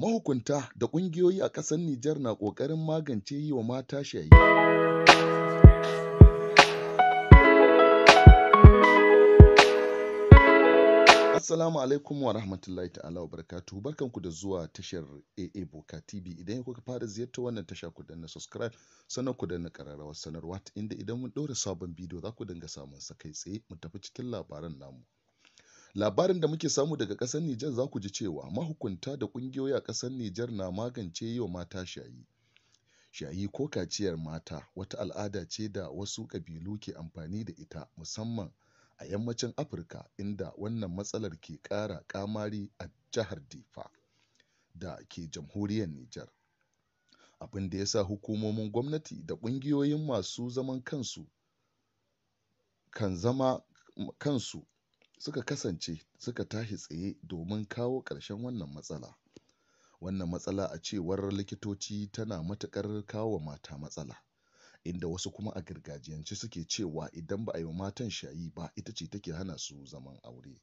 Mahukunta da ƙungiyoyi a ƙasar Nijar na ƙoƙarin magance yi wa mata shayi. Assalamu alaikum wa rahmatullahi ta'ala wa barkan barkanku da zuwa tashar AA Boka TV idan kuka fara ziyartar wannan tasha ku danna subscribe sannan ku danna ƙararrawar sanarwa inda idan mun ɗora sabon bidiyo za ku dinga samun sa kai tsaye mu tafi cikin labaran namu. Labarin da muke samu daga ƙasar Nijar za ku ji cewa mahukunta da ƙungiyoyi a ƙasar Nijar na magance yi wa mata shayi. Shayi ko kaciyar mata wata al'ada ce da wasu ƙabilu ke amfani da ita musamman a yammacin Afirka inda wannan matsalar ke ƙara ƙamari a jihar Difa da ke jamhuriyar Nijar. Abin da ya sa hukumomin gwamnati da ƙungiyoyin masu zaman kansu kan zama kansu suka kasance suka tashi tsaye domin kawo ƙarshen wannan matsala. Wannan matsala a cewar likitoci tana matuƙar kawo mata matsala. Inda wasu kuma a gargajiyance suke cewa idan ba a yi wa matan shayi ba ita ce take hana su zaman aure.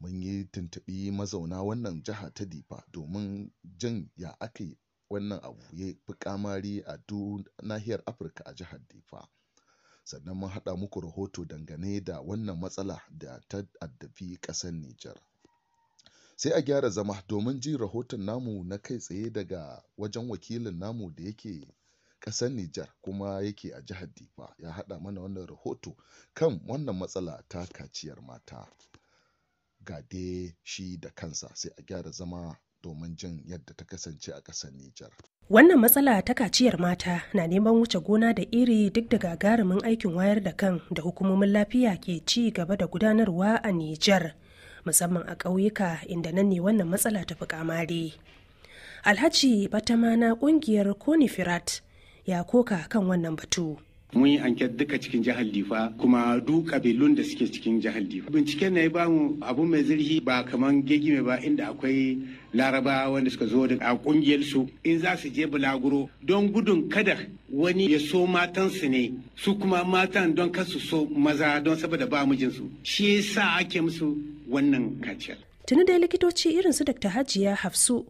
Mun yi tuntuɓi mazauna wannan jiha ta Difa domin jin ya aka wannan abu ya fi ƙamari a nahiyar Afirka a jihar Difa. sannan mun haɗa muku rahoto dangane da wannan matsala da ta addabi ƙasar Nijar. Sai a gyara zama domin jin rahoton namu na kai tsaye daga wajen wakilin namu da yake ƙasar Nijar kuma yake a jihar Difa ya haɗa mana wannan rahoto kan wannan matsala ta kaciyar mata. Ga dai shi da kansa sai a gyara zama domin jin yadda ta kasance a ƙasar Nijar. Wannan matsala ta kaciyar mata na neman wuce gona da iri duk da gagarumin aikin wayar da kan da hukumomin lafiya ke ci gaba da gudanarwa a Nijar, musamman a ƙauyuka inda nan ne wannan matsala ta fi kamare. Alhaji Batama na ƙungiyar Konifirat ya koka kan wannan batu. mun yi anket duka cikin jihar Difa kuma duk kabilun da suke cikin jihar Difa. Binciken na ya bamu abu mai zirhi ba kaman gegime ba inda akwai laraba wanda suka zo da kungiyar su in za su je bulaguro don gudun kada wani ya so matansu ne su kuma matan don su so maza don saboda ba mijinsu shi yasa ake musu wannan kaciyar. Tuni dai likitoci irin su Dr. Hajiya Hafsu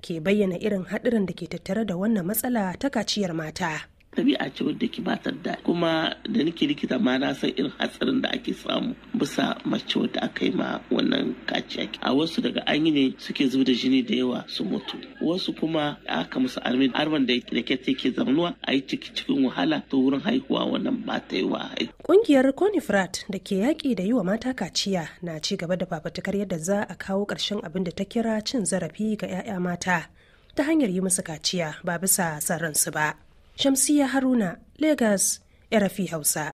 ke bayyana irin haɗarin da ke tattare da wannan matsala ta kaciyar mata. ɗabi'a ce wadda ke ba da kuma da nake likita ma na san irin hatsarin da ake samu bisa mace wadda aka yi ma wannan kaciya a wasu daga an yi ne suke zuba da jini da yawa su mutu wasu kuma aka musu armi arman da ke take zamanuwa a yi ciki cikin wahala ta wurin haihuwa wannan ba ta yi wa Ƙungiyar Conifrat da ke yaƙi da yi wa mata kaciya na ci gaba da fafatukar yadda za a kawo ƙarshen abin da ta kira cin zarafi ga 'ya'ya mata ta hanyar yi musu kaciya ba bisa son ransu ba. شمسية هارونا ليغاز إرفي هوسا